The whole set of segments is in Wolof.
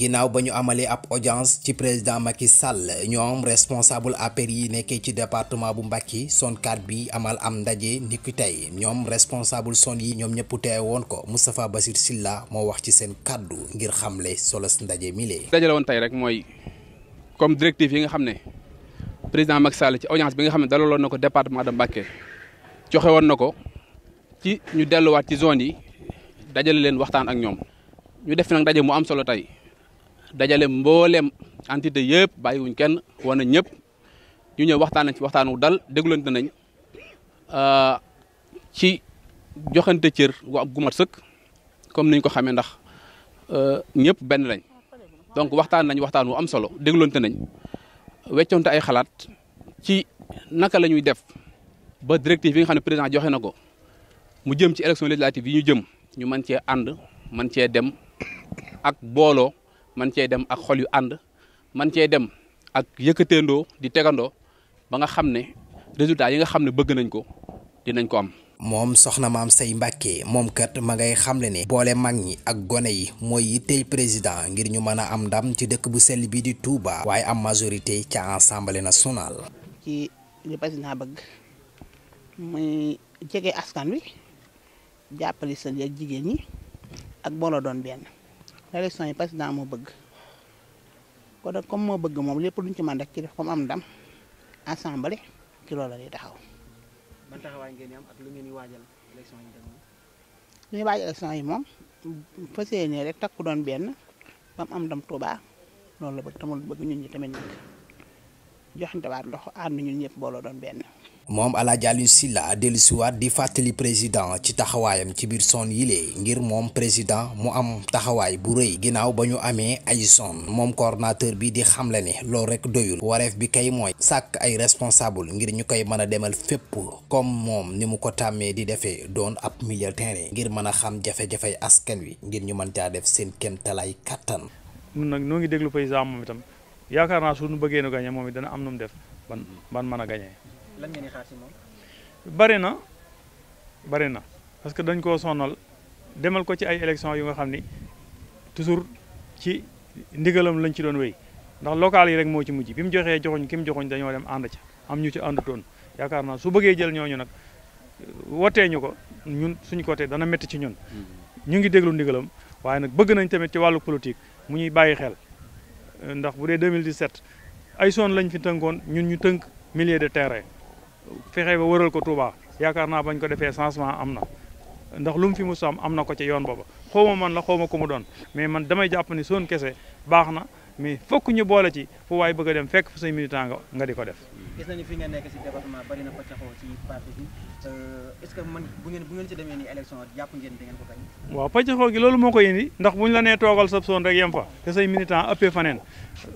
ginnaaw ba ñu amalee ab audience ci président Macky Sall ñoom responsable APR yi nekkee ci département bu Mbacké zone 4 bi amal am ndaje niki tey ñoom responsable zone yi ñoom ñëpp teew woon ko Moustapha Bassir Silla moo wax ci seen kàddu ngir xamle solo ndaje mi lee dajale woon tey rek mooy comme directive yi nga xam ne président Macky Sall ci audience bi nga xam ne dalaloon na ko département de Mbacké joxe woon na ko ci ñu delluwaat ci zone yi dajale leen waxtaan ak ñoom ñu def nag mu am solo tey dajale mbooleem entité yëpp bàyyiwuñ kenn wana ñëpp ñu ñëw waxtaan ci waxtaan wu dal déglante nañ euh, ci joxante cër wa gu mat sëkk comme niñ ko xamee ndax euh, ñëpp benn lañ donc waxtaan nañ waxtaan wu am solo déglante nañ weccoonte ay xalaat ci naka la ñuy def ba directive yi nga xam ne président joxe na ko mu jëm ci élection législative yi ñu jëm ñu mën cee ànd mën cee dem ak booloo man cee dem ak xol yu ànd man cee dem ak yëkkateendoo di tegandoo ba nga xam ne résultat yi nga xam ne bëgg nañ ko dinañ ko am. moom soxna maam say Mbàkke moom kat ma ngay xamle ne boole mag ñi ak gone yi mooy yittey président ngir ñu mën a am ndam ci dëkk bu sell bi di Touba. waaye am majorité ca assemblée nationale. ci li naa bëgg muy jege askan wi jàppale seen ak jigéen ñi ak booloo doon benn. élection yi président moo bëgg kon nag comme moo bëgg moom lépp luñ ci man rek ci def comme am ndam assemblée ci loolu lay taxaw. ban taxawaay ngeen am lu ngeen di waajal élection yi dem yi moom fas yéenee rek takku doon benn ba mu am ndam Touba loolu la bëgg tamul bëgg ñun ñi tamit nag joxante waat loxo ànd ñun ñëpp booloo doon benn. moom El Hadj Alioune Sylla dellusiwaat di fàttali président ci taxawaayam ci biir zone yile ngir moom président mu am taxawaay bu rëy ginnaaw ba ñu amee ay zone moom coordonnateur bi di xamle ne loolu rek doyul wareef bi kay mooy sàkk ay responsable ngir ñu koy mën a demal fépp comme moom ni mu ko tàmmee di defee doon ab milieu terrain ngir mën a xam jafe-jafey askan wi ngir ñu mën caa def seen kéemtalaay kattan. ñun nag ñoo ngi déglu paysan moom itam yaakaar naa su ñu bëggee nu gañe moom it dana am nu def ban ban mën a gañee lan ngeen di si moom. bari na bari na parce que dañ koo sonal demal ko ci ay élection yu nga xam ni toujours ci ndigalam lañ ci doon wéy ndax local yi rek moo ci mujj bi mu joxee joxuñ ki mu joxuñ dañoo dem ànd ca am ñu ci ànd àndutoon yaakaar naa su bëggee jël ñooñu nag wotee ñu ko ñun suñu côté dana métti ci ñun. Mm-hmm. ñu ngi déglu ndigalam waaye nag bëgg nañ tamit ci wàllu politique mu ñuy bàyyi xel ndax bu dee mille 2017 ay zone lañ fi tënkoon ñun ñu tënk millier de terrain. fexe ba wëral ko Touba yaakaar naa bañ ko defee changement am na ndax lum fi mu am am na ko ci yoon booba xaw ma man la xaw ma ku mu doon mais man damay jàpp ni soon kese baax na mais fokk ñu boole ci fu way bëgg dem fekk fu sey militant nga nga diko def gis nañu fi nga nekk ci département bari na ko caxoo ci parti bi euh, est ce que man bu ngeen bu ngeen ci demee ni élection japp ngeen di ngeen ko gañ waaw paccaxoo gi lolu moko ko indi ndax buñ la né togal sa son rek yam fa te say militant uppé fanen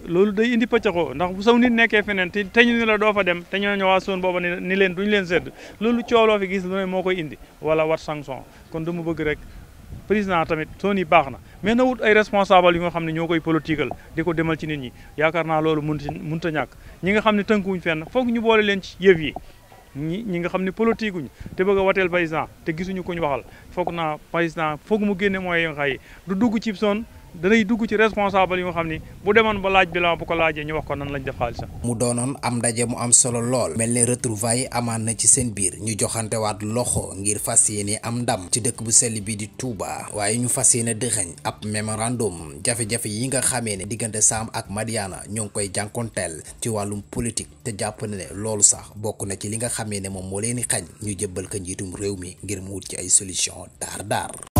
lolu day indi paccaxoo ndax bu saw nit nekkee fenen te tañu ni la do fa dem te ñu wa son bobu ni leen duñ leen sedd lolu ciolo fi gis lu ne moo indi wala wat sanction kon duma bëgg rek président tamit son yi baax na mais na wut ay responsable yi xam ne ñoo koy politiqueal di ko demal ci nit ñi yaakaar naa loolu mun mënut a ñàkk ñi nga xam ne tënkuwuñ fenn foog ñu boole leen ci yi ñi ñi nga xam ne politique te bëgg a wateel président te gisuñu ko ñu waxal foog naa président foog mu génne mooy xay du dugg ci son danay dugg ci responsable yi nga xam ni bu demoon ba laaj bi bilan bu ko laajee ñu wax ko nan lañ def xaalisam. mu doonoon am ndaje mu am solo lool. mel ne retrouvailles amaan na ci seen biir ñu joxante waat loxo ngir fas ni am ndam ci dëkk bu sell bi di Touba. waaye ñu fas yéene dëxëñ ab mémorandum jafe-jafe yi nga xamee ne diggante Sam ak Madiana ñoo ngi koy jànkonteel ci wàllum politique te jàpp na loolu sax bokk na ci li nga xamee ne moom moo leen di xañ ñu jëbbal ko njiitum réew mi ngir mu wut ci ay solution daar